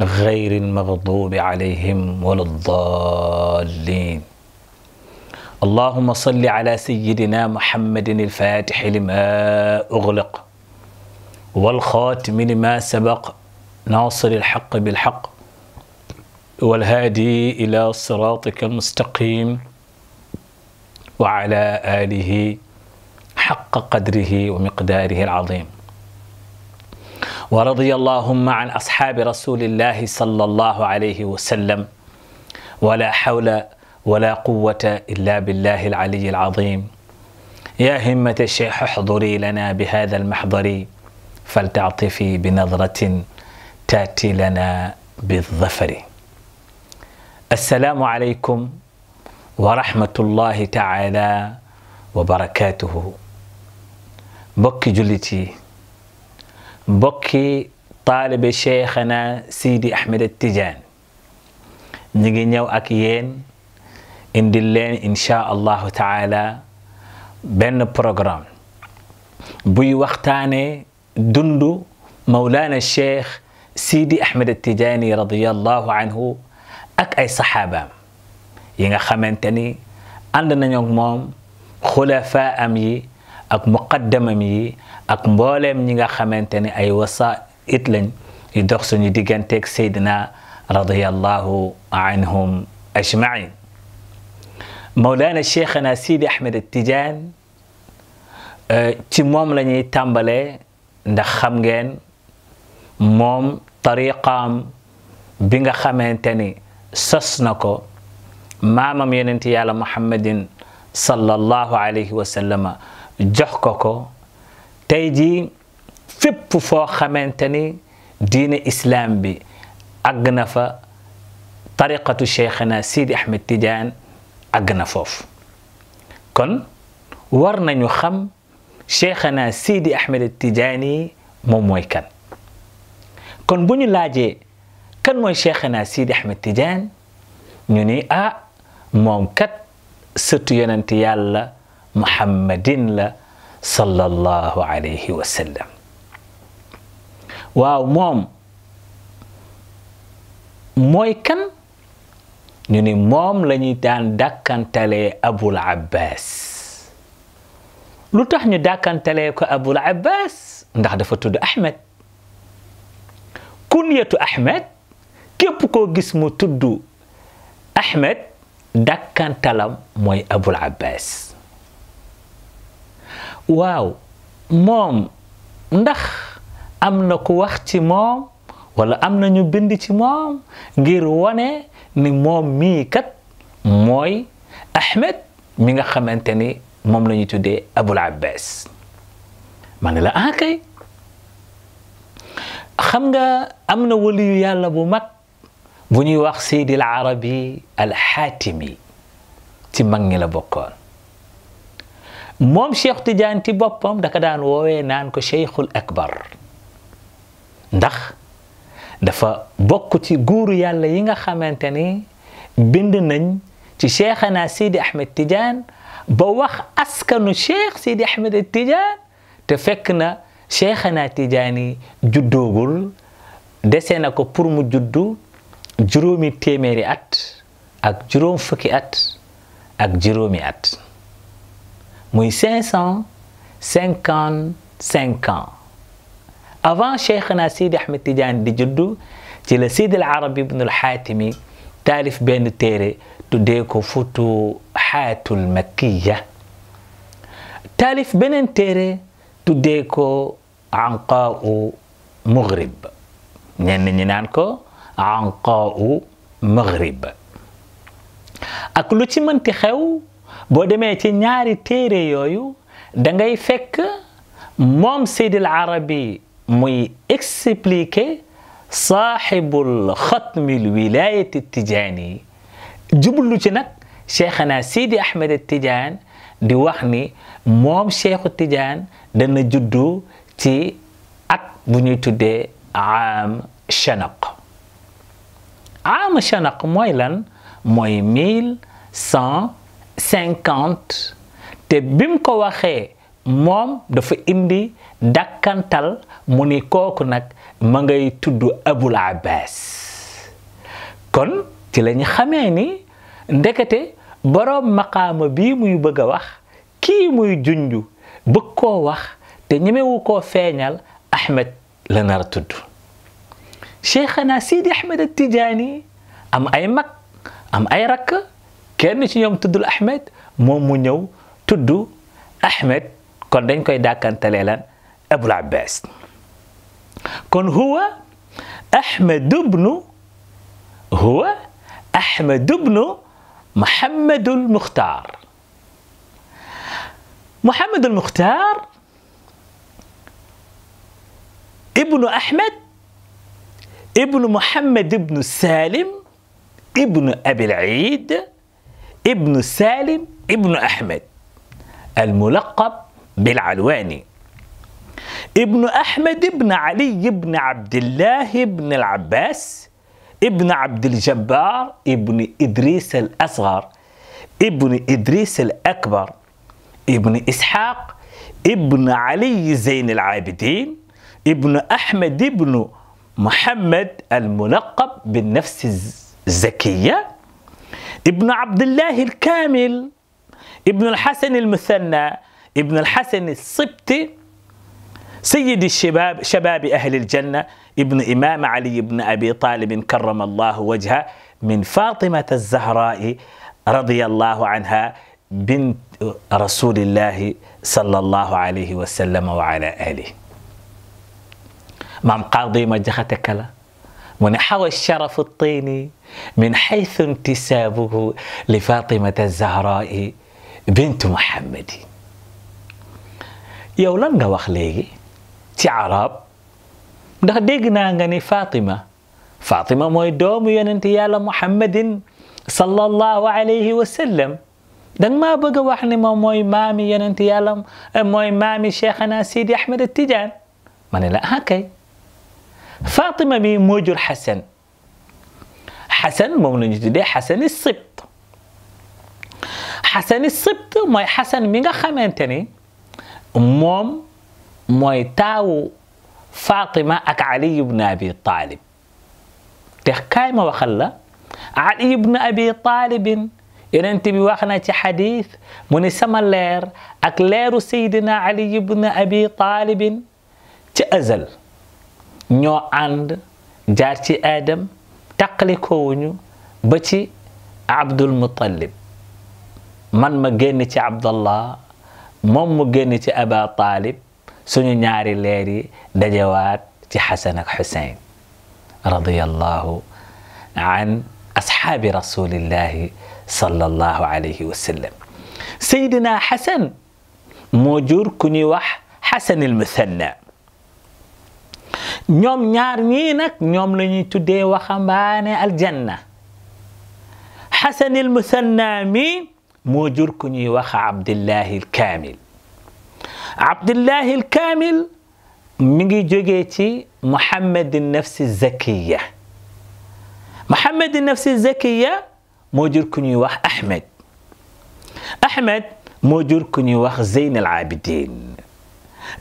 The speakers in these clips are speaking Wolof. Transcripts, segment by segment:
غير المغضوب عليهم ولا الضالين اللهم صل على سيدنا محمد الفاتح لما أغلق والخاتم لما سبق ناصر الحق بالحق والهادي إلى صراطك المستقيم وعلى آله حق قدره ومقداره العظيم ورضي اللهم عن أصحاب رسول الله صلى الله عليه وسلم ولا حول ولا قوة إلا بالله العلي العظيم يا همة الشيخ احضري لنا بهذا المحضر فلتعطفي بنظرة تاتي لنا بالظفر السلام عليكم ورحمة الله تعالى وبركاته بك جلتي bokki taalibe cheikhana Sidi Ahmed Tidiane ñu ngi ñëw ak yéen indi leen insha allahu taala benn programme buy waxtaane dundu mawlaana cheikh Sidi Ahmed Tidiane radiyallahu anhu ak ay saxaabaam yi nga xamante ni ànd nañu ak moom xulafaa am yi ak muqaddamam yi ak mbooleem ñi nga xamante ne ay wasa it lañ yu dox suñu digganteeg Seydina radiyallahu anhum ajmain Mawlana Cheikhana euh, ci moom la ñuy tàmbalee ndax xam ngeen moom tariqaam bi nga xamante ni sos na ko maamam yonent yàlla Muhammadin sallallahu alayhi wa jox ko ko tey jii fépp foo xamante ni diine islaam bi àgg na fa tariqatu cheikhna Sidi Ahmed Tidiane àgg na foofu kon war nañu xam cheikhna Sidi Ahmed Tidiane yi moom mooy kan kon bu ñu laajee kan mooy cheikhna Sidi Ahmed Tidiane ñu ni ah moom kat sëtu yonent yàlla muhammadin la sallallahu alayhi wa waaw moom mooy kan ñu ni moom la ñuy daan dàkkantalee abul abbas lu tax ñu dàkkantalee ko abul abbas ndax dafa tudd ahmed kunyatu ahmed képp koo gis mu tudd ahmed dàkkantalam mooy abul abbas waaw moom ndax am na ku wax ci moom wala am na ñu bind ci moom ngir wane ni moom mii kat mooy Ahmed mi nga xamante ni moom la ñu tuddee Abul Abbas ma ne la ah kay xam nga am na waliyu yàlla bu mag bu ñuy wax Seydi al Arabi al Xaatimi ci mag ñi la bokkoon moom cheikh Tidiane ci boppam daka daan woowee naan ko cheikhul akbar ndax dafa bokk ci guuru yàlla yi nga xamante ni bind nañ ci cheikhana Sidi Ahmed tijaan ba wax askanu cheikh Sidi Ahmed Tidiane te fekk na cheikhana Tidiane yi juddoogul dese na ko pour mu juddu juróomi téeméeri at ak juróom fukki at ak juróomi at muy cinq cent cinquante cinq ans avant Cheikhna Sidi Ahmed Tidiane di juddu ci la Sidi al Arabi ibn al benn téere tuddee ko Futuxaatul Makkiya taalif beneen téere tuddee ko Anqaa'u Maghrib ñenn ñi naan ko Anqaa'u Maghrib ak lu ci mënti xew boo demee ci ñaari téere yooyu da ngay fekk moom Seydil Arabi muy expliquer saaxibul xatmil wilayati tijaani jublu ci nag cheikhana Sidi Ahmed Tijaan di wax ni moom cheikhu Tijaan dana juddu ci ak bu ñuy tuddee aam chanaq aam chanaq mooy lan mooy mille cinquante te bim ko waxee moom dafa indi dakkantal mu ni kooku nag ma ngay tudd abul abbas kon ci la ñu xamee ni ndekete boroom maqaama bii muy bëgg a wax kii muy junju bëgg koo wax te ñemewu ko feeñal ahmed la nar a tudd cheikhana sidi ahmed ak tijaani am ay mag am ay rakk كان شي يوم تدو احمد مومو نيو تدو احمد كون دنج كوي داكان تليلان ابو العباس كون هو احمد بن هو احمد بن محمد المختار محمد المختار ابن احمد ابن محمد بن سالم ابن ابي العيد ابن سالم ابن أحمد الملقب بالعلواني ابن أحمد ابن علي ابن عبد الله ابن العباس ابن عبد الجبار ابن إدريس الأصغر ابن إدريس الأكبر ابن إسحاق ابن علي زين العابدين ابن أحمد ابن محمد الملقب بالنفس الزكية ابن عبد الله الكامل ابن الحسن المثنى ابن الحسن السبتي سيد الشباب شباب أهل الجنة ابن إمام علي بن أبي طالب كرم الله وجهه من فاطمة الزهراء رضي الله عنها بنت رسول الله صلى الله عليه وسلم وعلى آله مام قاضي ما جختك ونحو الشرف الطيني من حيث انتسابه لفاطمة الزهراء بنت محمد يولن وخلي تعرب ده ديقنا غني فاطمة فاطمة موي دوم يننتي على محمد صلى الله عليه وسلم دن ما بقى وحني ما موي مامي يننتي على موي مامي شيخنا سيدي أحمد التجان من لا هكاي فاطمة مين موج الحسن حسن مو من حسن السبط حسن السبط ما حسن مين خمن تاني موم ما تاو فاطمة أك علي بن أبي طالب تخكاي ما وخلا علي بن أبي طالب إن أنت بواخنا حديث من سما لير أك سيدنا علي بن أبي طالب تأزل ño ànd jaar ci adam aadam wuñu ba ci abdul muttalib man ma génn ci abdallah mom mu génn ci aba talib suñu ñaari leer yi dajé dajawaat ci hasan ak husayn radiyallahu an ashaabi rasulillahi sallallahu alayhi wa sallam sayidina xasan moo jur ku ñuy wax xasan al ñoom ñaar ñii nag ñoom la ñuy tuddee waxambaane aljanna xasanil musanna mi moo jur ku ñuy wax abdillahi alkaamil abdillahi alkaamil mi ngi jógee ci muhammadi nafsi zakiya muhammadi nafsi zakiya moo jur ku ñuy wax ahmed ahmed moo jur ku ñuy wax zeyn al abidin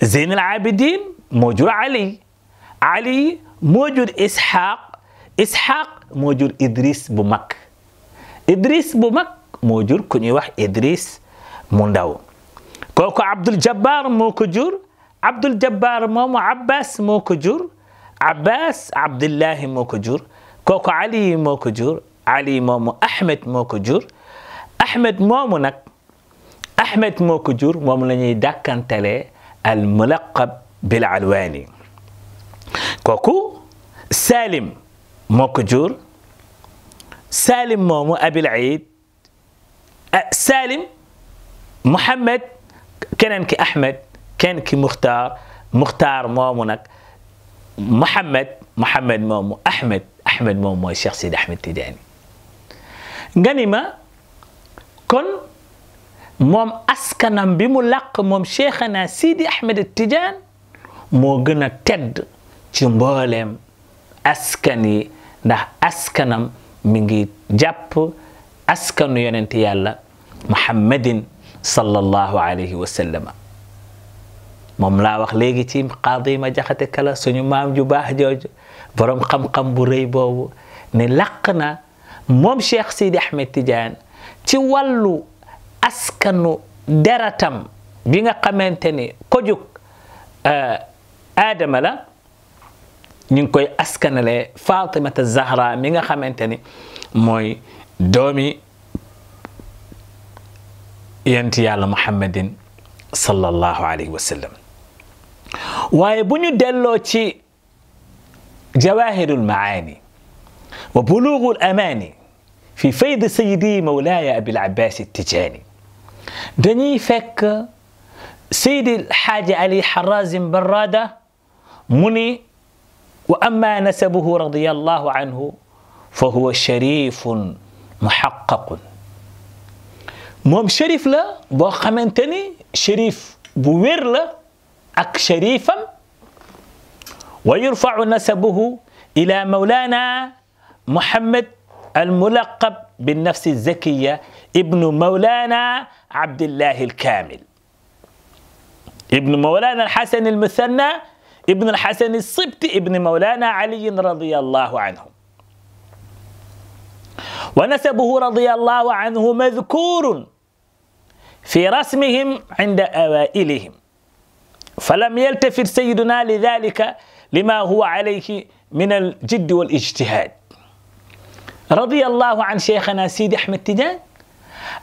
zeyn al abidin moo jur ali علي موجود إسحاق إسحاق موجود إدريس بومك إدريس بومك موجود كوني واح إدريس مونداو كوكو عبد الجبار موكجور عبد الجبار مو عباس موكجور عباس عبد الله موكجور كوكو علي موكجور علي مو أحمد موكجور أحمد مو نك أحمد موكجور مو لني داكن الملقب بالعلواني كوكو سالم موكجور سالم مومو أبي العيد سالم محمد كان كننك أحمد كي مختار مختار مومونك محمد محمد مومو أحمد أحمد مومو الشيخ سيد أحمد تداني غنيمة كن موم أسكنم بملاق موم شيخنا سيدي أحمد التجان مو تد ci mbooleem askan yi ndax askanam mi ngi jàpp askanu yonent yàlla muhammadin sallallahu alayhi wa sallama moom laa wax léegi ci qaadi ma jaxate kala suñu maam ju baax jooju boroom xam-xam bu rëy boobu ni laq na moom cheikh sidi ahmed tidiane ci wàllu askanu deratam bi nga xamante ni ko jug aadama euh, la ñing koy askanale Fatimata Zahra mi nga xamanteni moy domi doomi yent yàlla muhammadin sallallahu alayhi wa sallam waaye bu ñu ci jawahirul maani wa bulughul amani fi fayd sayidi mawlaaya abil abbas tijaani dañuy fekk seydi alxaaji ali xarazim barrada mu واما نسبه رضي الله عنه فهو شريف محقق مهم شريف لا بو شريف بوير لا اك شريفا ويرفع نسبه الى مولانا محمد الملقب بالنفس الزكيه ابن مولانا عبد الله الكامل ابن مولانا الحسن المثنى ابن الحسن الصبتي ابن مولانا علي رضي الله عنه ونسبه رضي الله عنه مذكور في رسمهم عند أوائلهم فلم يلتفت سيدنا لذلك لما هو عليه من الجد والاجتهاد رضي الله عن شيخنا سيدي أحمد تجان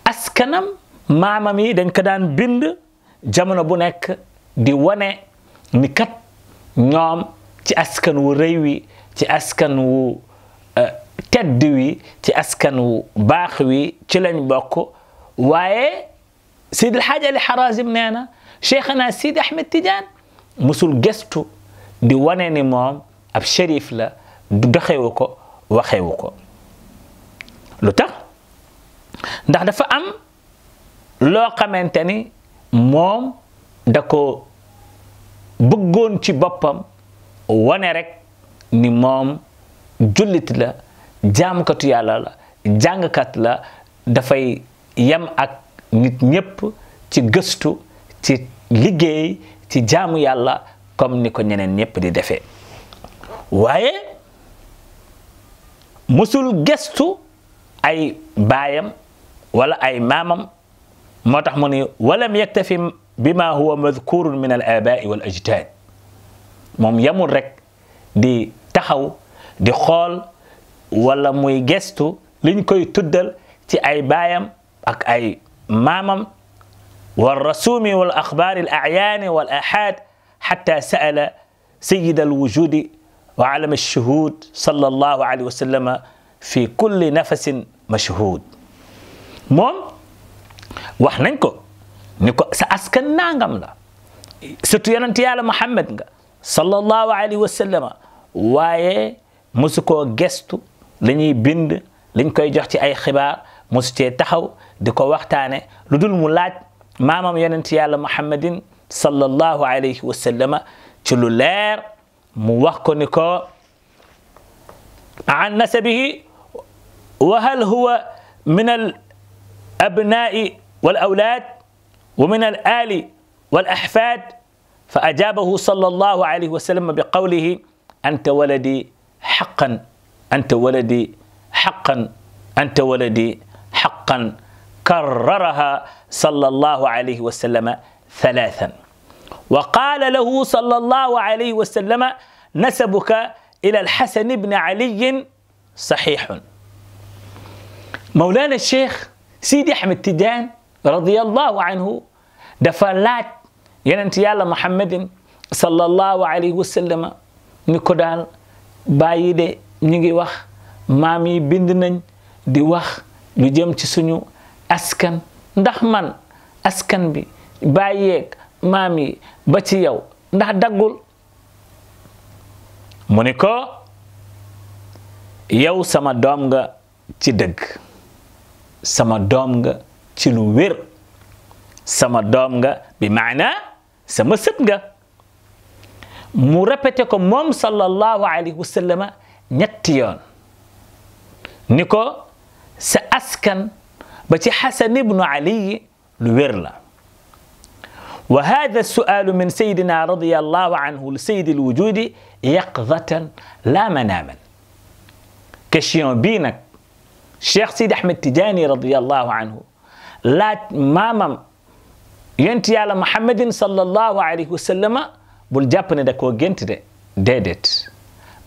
أسكنم مع ممي دن كدان بند جمنا بنك دي nekk نكت ñoom ci askan wu rëy wi ci askan wu euh, tedd wi ci askan wu baax wi ci lañ bokk waaye Seydi El Hadji Ali Harazim nee na Cheikhana Sidi Ahmed Tidiane musul gestu di wane ni moom ab shérif la du doxewu ko waxewu ko lu tax ndax dafa am loo xamante ni moom da ko bëggoon ci boppam wane rek ni moom jullit la jaamkatu yàlla la jàngkat la dafay yem ak nit ñépp ci gëstu ci liggéey ci jaamu yàlla comme ni ko ñeneen ñépp di defee waaye musul gëstu ay baayam wala ay maamam moo tax mu ni walam yaktafi بما هو مذكور من الآباء والأجداد موم يمرك رك دي تخاو دي خول ولا ميجستو غستو لي نكوي تي اي بايم اك اي مامم والرسوم والاخبار الاعيان والاحاد حتى سال سيد الوجود وعلم الشهود صلى الله عليه وسلم في كل نفس مشهود موم واخ نانكو ni ko sa askan nangam la surtout yonent yàlla Muhammad nga sallallahu alayhi wa sallam waaye mosu koo gestu li ñuy bind liñ koy jox ci ay xibaar mosu cee taxaw di ko waxtaane lu dul mu laaj maamam yonent yàlla Muhammadin sallallahu alayhi wa sallam ci lu leer mu wax ko ni ko an nasabihi wa hal huwa min al abnaa'i wal awlaad ومن الآل والأحفاد فأجابه صلى الله عليه وسلم بقوله أنت ولدي حقا أنت ولدي حقا أنت ولدي حقا كررها صلى الله عليه وسلم ثلاثا وقال له صلى الله عليه وسلم نسبك إلى الحسن بن علي صحيح مولانا الشيخ سيدي أحمد تيجان radiyallahu anhu dafa laaj yonent yàlla muhammadin sallallahu alayhi wa sallam ko daal bàyyi de ñu ngi wax maam yi bind nañ di wax lu jëm ci suñu askan ndax man askan bi bàyyeeg maam yi ba ci yow ndax daggul mu ni ko yow sama doom nga ci dëgg sama doom nga ci lu wér sama doom nga bi maana sama sët nga mu répété ko moom sallallahu alayhi wasallam sallama ñetti yoon ni ko sa askan ba ci xasan ibnu ali lu wér la وهذا السؤال من سيدنا رضي الله عنه لسيد الوجود يقظة لا مناما كشيون بينك شيخ سيد أحمد تجاني رضي الله عنه laaj maamam yonent yàlla muhammadin sallallahu alayhi wa bul jàpp ne da koo gént de déedéet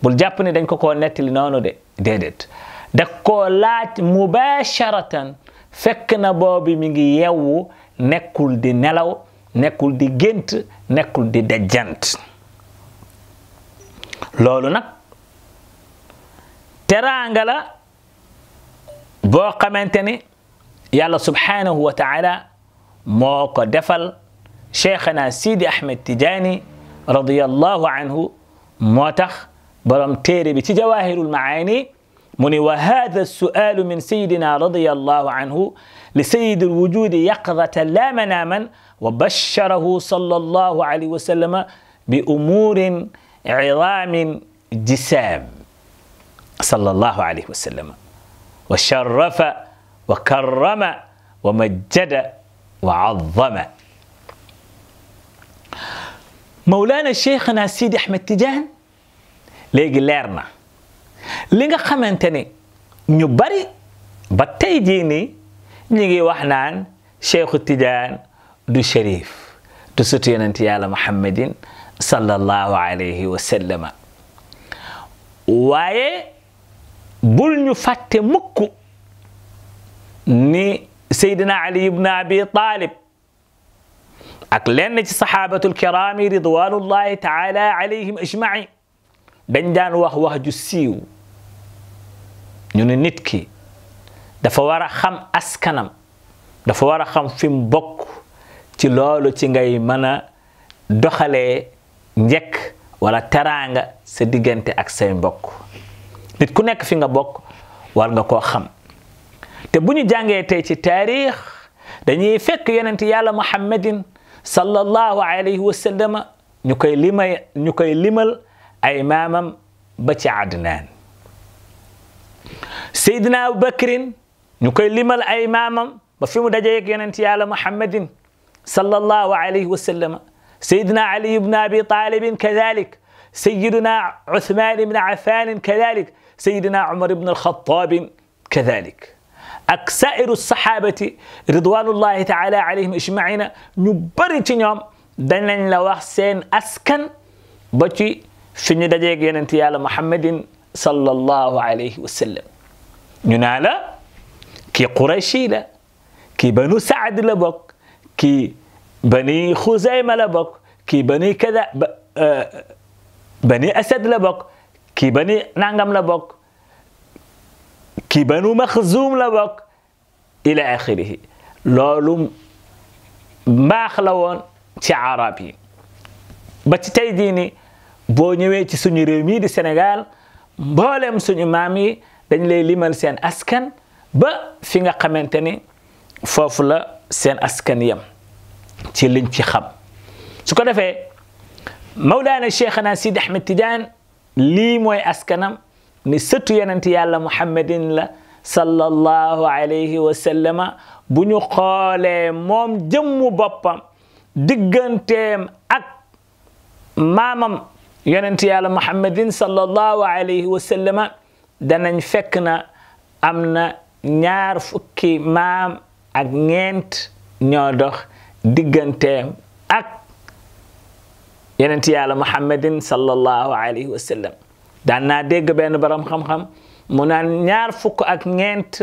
bul jàpp ne dañ ko ko nettali noonu de déedéet da koo laaj mubasharatan fekk na boobu mi ngi yewwu nekkul di nelaw nekkul di gént nekkul di dajjant loolu nag teraanga la boo xamante يلا سبحانه وتعالى موقع دفل شيخنا سيدي أحمد تجاني رضي الله عنه موتخ برم تيري بتي جواهر المعاني مني وهذا السؤال من سيدنا رضي الله عنه لسيد الوجود يقظة لا مناما وبشره صلى الله عليه وسلم بأمور عظام جسام صلى الله عليه وسلم وشرف وكرم ومجد وعظم مولانا شيخنا سيد احمد تجان لي ليرنا ليغا خمانتني ني بري باتاي جيني نيغي واخنان شيخ تجان دو شريف دو سوتي نانت محمد صلى الله عليه وسلم واي بول ني فاتي مكو ني سيدنا علي بن ابي طالب اكلنا صحابة الكرام رضوان الله تعالى عليهم اجمعين دنجان جان واه واه جسيو سيو نيتكي دا فوارا خم اسكنم دا فوارا خم فيم بوك تي لولو تي غاي مانا دوخالي نيك ولا ترانغا سي ديغنتي اك ساي بوك نيت كو نيك فيغا بوك وار نغا كو خم te buñu jàngé jàngee ci taarix dañuy fekk yonent yàlla muhammadin sallallahu alayhi wa sallam ñukay limay ñukay limal ay mamam ba ci adnan sayyidina abubakrin ñu koy limal ay mamam ba fi mu dajé ak yonent yàlla muhammadin sallallahu alayhi wa sallam سيدنا علي بن أبي طالب كذلك سيدنا عثمان بن عفان كذلك سيدنا عمر بن الخطاب كذلك أكسائر الصحابة رضوان الله تعالى عليهم إشمعين نبري تنيوم دنن لوح سين أسكن بكي فين دجيك ينتي على محمد صلى الله عليه وسلم ينالا كي قريشي لا كي بنو سعد لبك كي بني خزيمة لبك كي بني كذا آه، بني أسد لبك كي بني نعم لبك kii banu maxzuum la bokk ila axirihi loolu mbaax la woon ci arab yi ba ci tey diini boo ñëwee ci suñu réew mii di Sénégal mboolem suñu maam yi dañ lay limal seen askan ba fi nga xamante ni foofu la seen askan yem ci liñ ci xam su ko defee Mawlaana Cheikhana Sidi Ahmed Tidiane lii mooy askanam ni sëtu yonenti yàlla muhammadin la sallallahu alayhi wa sallama bu ñu xoolee moom jëmmu boppam digganteem ak maamam yonenti yàlla muhammadin sallallahu alayhi wa sallama danañ fekk na am na ñaar fukki maam ak ngeent ñoo digganteem ak yonenti yàlla muhammadin sallallahu alayhi wa sallam daan deg ben benn borom xam-xam mu naan ñaar fukk ak ñeent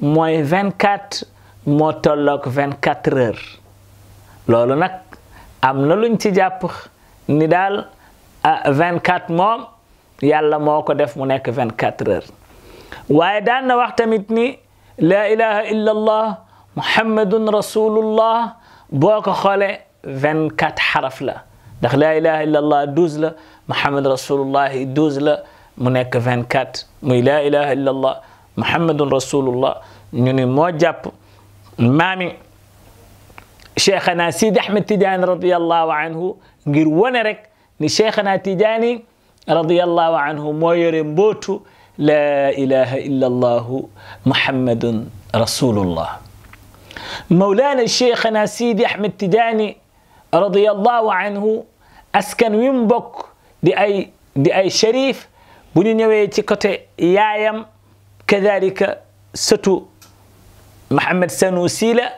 mooy 24 moo tolloog 24 heures lolu nak amna luñ ci jàpp ni dal 24 mom yàlla moko def mu nek 24 heures waye daan na wax tamit ni laa ilaha illa allah muhammadun rasulullah boo ko xoolee 24 xaraf la ndax laa ilaha illallah douze la muhammad rasulullahi douze la mu nekk vingt quatre muy laa ilaha illallah muhammadun rasulullah ñu ni moo jàpp maami cheikhana sid ahmed tidiane radiallahu anhu ngir wone rek ni cheikhana tidiani radiallahu anhu moo yore mbootu laa ilaha illallahu muhammadun rasulullah mawlana cheikhana sidi ahmed tidiani رضي الله عنه askan wi mu bokk di ay di ay sharif bu ñu ñëwee ci côté yaayam kadalika sëtu Mohamed Sanusi la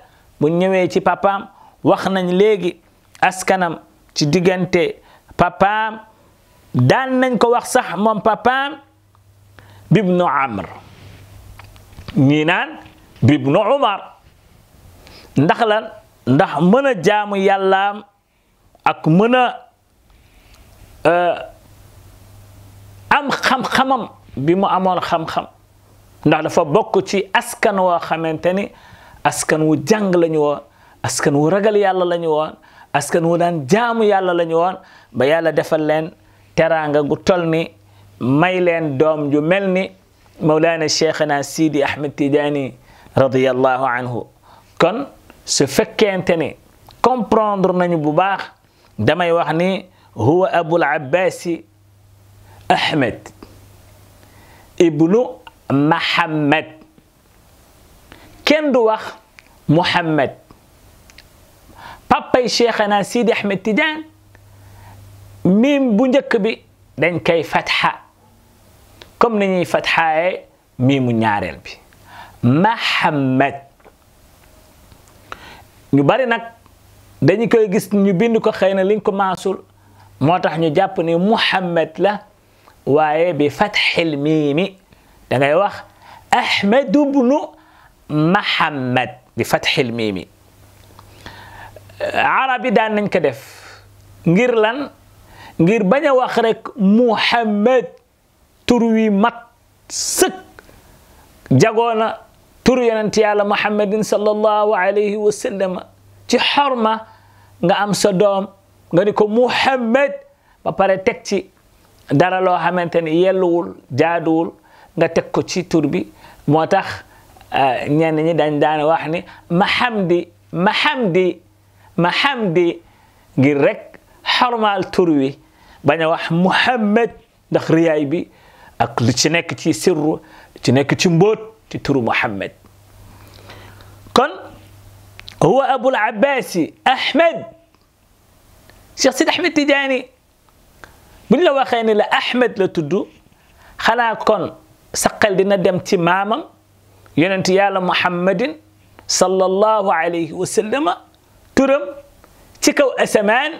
bu ñu ñëwee ci papaam wax nañ léegi askanam ci diggante papaam daan nañ ko wax sax moom papaam bibnu amr ñii naan bibnu umar ndax lan ndax meuna jaamu yalla ak meuna euh am xam-xamam bi mu amone xam-xam ndax dafa bok ci askan wo xamanteni askan wu jàng lañu wo askan wu ragal yàlla lañu woon askan wu dan jaamu yàlla lañu woon ba yàlla defal len teranga gu tolni may len dom ju melni مولانا mawlaana سيدي احمد ahmed رضي الله عنه كن su fekkente ne comprendre nañu bu baax damay wax ni huwa abul abbasi ahmed ibnu mahammad ken du wax mohammed papay cheikhana sidi ahmed tidiane mim bu njëkk bi dañ koy fatha comme ni ñuy fatxaaye miimu ñaareel bi mahammad ñu bari nag dañu koy gis ñu bind ko xëy na liñ ko maasul moo tax ñu jàpp ni muhammad la waaye bi fatxil miimi da ngay wax ahmadu bnu mahammad bi fatxil miimi arab daan nañ ko def ngir lan ngir bañ a wax rek muhammad tur wi mat sëkk jagoona turu yonent yàlla muhammadin sallallahu alayhi wa sallam ci xorma nga am sa doom nga ni ko muhammad ba pare teg ci dara loo xamante ni yelluwul jaaduwul nga teg ko ci tur bi moo tax euh, ñenn ñi dañ daan wax ni mahamdi mahamdi mahamdi ngir rek xormaal tur wi bañ a wax muhammad ndax riyaay bi ak lu ci nekk ci sirru ci ci mbóot تترو محمد كان هو أبو العباسي أحمد سيد أحمد تداني بل لو أخيني لا أحمد لا تدو خلا كان سقل دينا دم تماما يننتي على محمد صلى الله عليه وسلم ترم تكو أسمان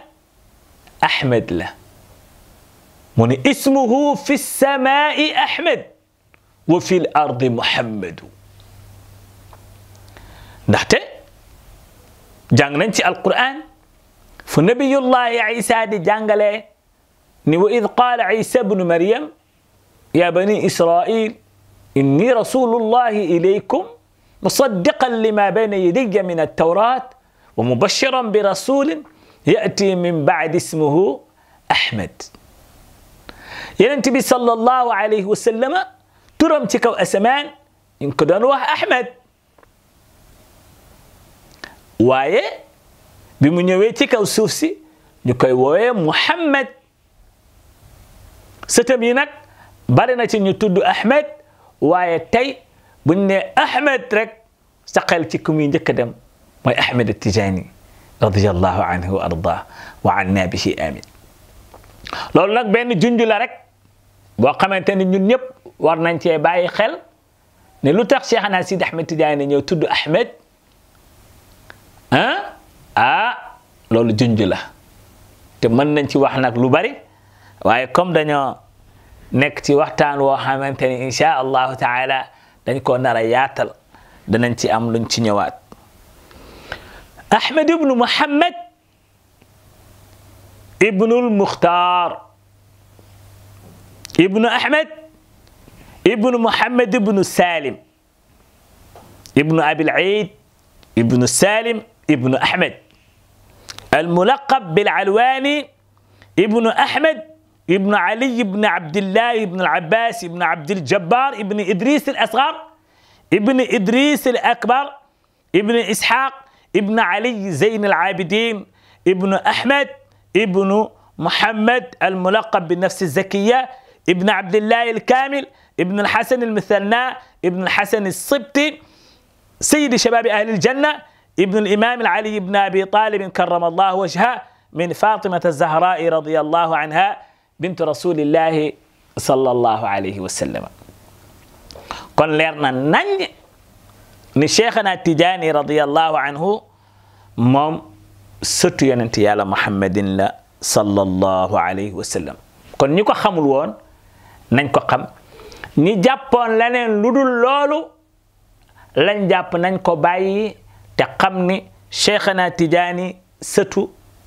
أحمد له من اسمه في السماء أحمد وفي الأرض محمد نحت جانغنا القرآن فنبي الله عيسى دي جانغلي نو إذ قال عيسى بن مريم يا بني إسرائيل إني رسول الله إليكم مصدقا لما بين يدي من التوراة ومبشرا برسول يأتي من بعد اسمه أحمد ينتبي صلى الله عليه وسلم ترم تكو أسمان ينكدون روح أحمد واي تكو سوفسي نكوي واي محمد ستمينك بارنا نتود أحمد واي تي بني أحمد رك سقلتكم ينجكدم واي أحمد التجاني رضي الله عنه وأرضاه وعنا به آمين لولاك بين benn junj la rek ينيب war nañ ci bàyyi xel ne lu tax cheikh na sid ahmed tidiane ñew tuddu ahmed ah ah lolu junj la te mën nañ ci wax nak lu bari waye comme dañoo nek ci waxtaan wo xamanteni insha allahu taala dañ ko nara a yaatal danañ ci am luñ ci ñewaat ahmed ibnu muhammad ibnul mukhtar ibnu ahmed ابن محمد بن سالم ابن أبي العيد ابن سالم ابن أحمد الملقب بالعلواني ابن أحمد ابن علي بن عبد الله بن العباس بن عبد الجبار ابن إدريس الأصغر ابن إدريس الأكبر ابن إسحاق ابن علي زين العابدين ابن أحمد ابن محمد الملقب بالنفس الزكية ابن عبد الله الكامل ابن الحسن المثنى ابن الحسن الصبتي سيد شباب أهل الجنة ابن الإمام علي بن أبي طالب كرم الله وجهه من فاطمة الزهراء رضي الله عنها بنت رسول الله صلى الله عليه وسلم قل لرنا نن شيخنا التجاني رضي الله عنه مم ست ينتي على محمد صلى الله عليه وسلم كن نيكو خمول وون نن كو خم ñi jappon lenen ludul lolou lañ jàpp nañ ko bàyyi te xamni ni cheikhana sëtu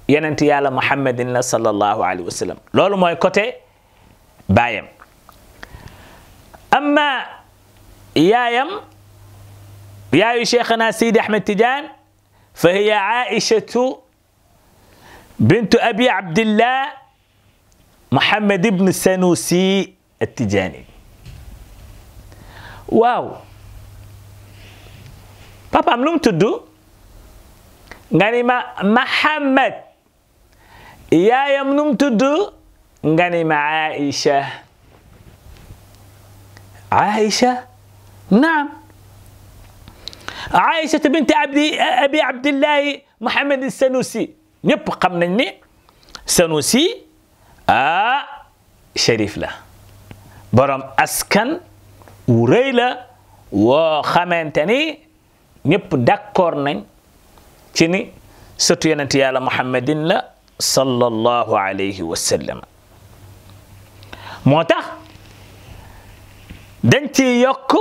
yenenti yàlla muhammadin sallallahu alaihi wasallam lolou moy côté bayam amma yaayam yaayu cheikhana sidi ahmed tidiane fa hiya aishatu bintu abi abdillah محمد بن سنوسي التجاني واو بابا ملوم تدو ngani ma Muhammad يا يمنم تدو غني مع عائشة عائشة نعم عائشة بنت عبدي أبي عبد الله محمد السنوسي نبقى مني سنوسي آه شريف له برم أسكن wu rëy la woo xamante ni ñëpp d'accord nañ ci ni sëtu yonent yàlla muhammadin la sallallahu alayhi wa sallam moo tax dañ ci yokk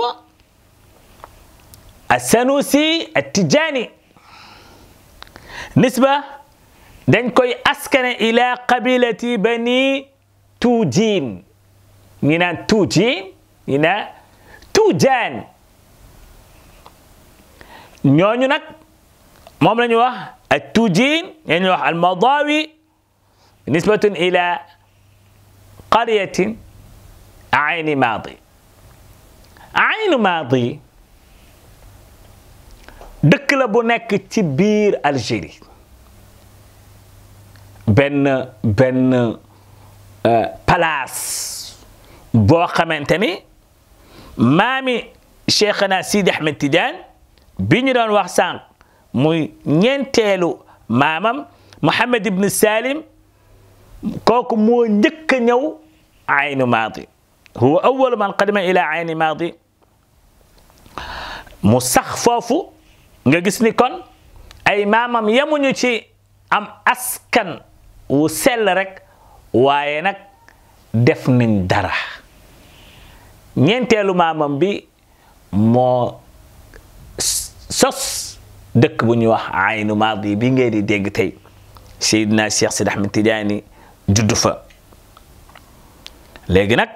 asanusi attijaani nisba dañ koy askane ila qabilati bani tuujiin ñi naan tuujiin ñi naan tujaan ñooñu nag moom la ñu wax at tujin ñooñu wax al madawi nisbatun ila qaryatin ayni maadi aynu maadi dëkk la bu nekk ci biir Algérie benn benn palaas boo xamante ni maami cheikhana Sidi Ahmed Tidiane bi ñu doon wax sànq muy ñeenteelu maamam Mohamed Ibn Salim kooku moo njëkk a ñëw aynu maadi huwa awalu man qadima ila ayni maadi mu sax foofu nga gis ni kon ay maamam yemuñu ci am askan wu sell rek waaye nag def nañ dara ñeenteelu maamam bi moo sos dëkk bu ñuy wax aynu maadi bi ngeen di dégg tey Seydina Cheikh Sidi Ahmed Tidiane juddu fa léegi nag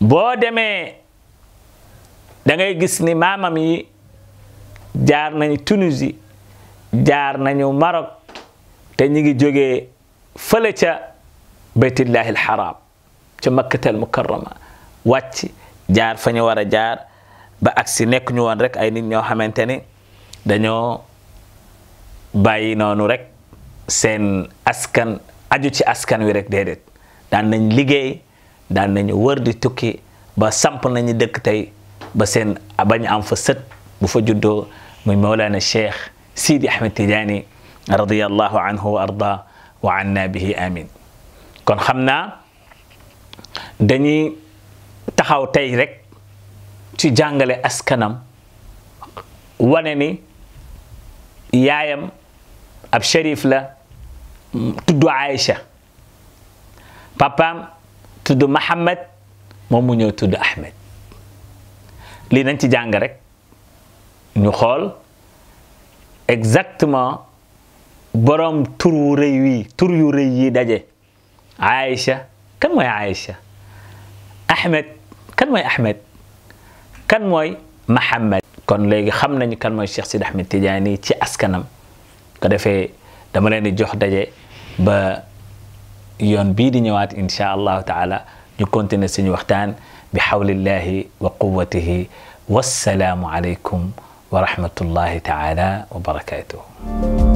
boo demee dangay gis ni maamam yi jaar nañu Tunisie jaar nañu Maroc te ñu ngi jógee fële ca baytillahi alxaram ca makkatal mukarrama wàcc jaar fa ñu war a jaar ba agsi nekk ñu woon rek ay nit ñoo xamante ni dañoo bàyyi noonu rek seen askan aju ci askan wi rek déedéet daan nañ liggéey daan nañu wër di tukki ba samp nañu dëkk tey ba seen bañ am fa sët bu fa juddoo muy Mawlana Cheikh Sidi Ahmed Tidiane radiyallahu anhu wa arda wa amin dañuy taxaw tey rek ci jàngale askanam wane ni yaayam ab shérif la tudd Aïcha papaam tudd Mahamad moom mu ñëw tudd Ahmed lii nañ ci jàng rek ñu xool exactement boroom tur wu rëy tur yu rëy yi daje Aïcha kan mooy Aïcha احمد كان موي احمد كان موي محمد كون لغي خم ناني كان موي شيخ سيد احمد تجاني تي اسكنم كدفه دما لين جوخ داجي با يون بي دي نيوات ان شاء الله تعالى ني كونتيني سيني وقتان بحول الله وقوته والسلام عليكم ورحمه الله تعالى وبركاته Thank you.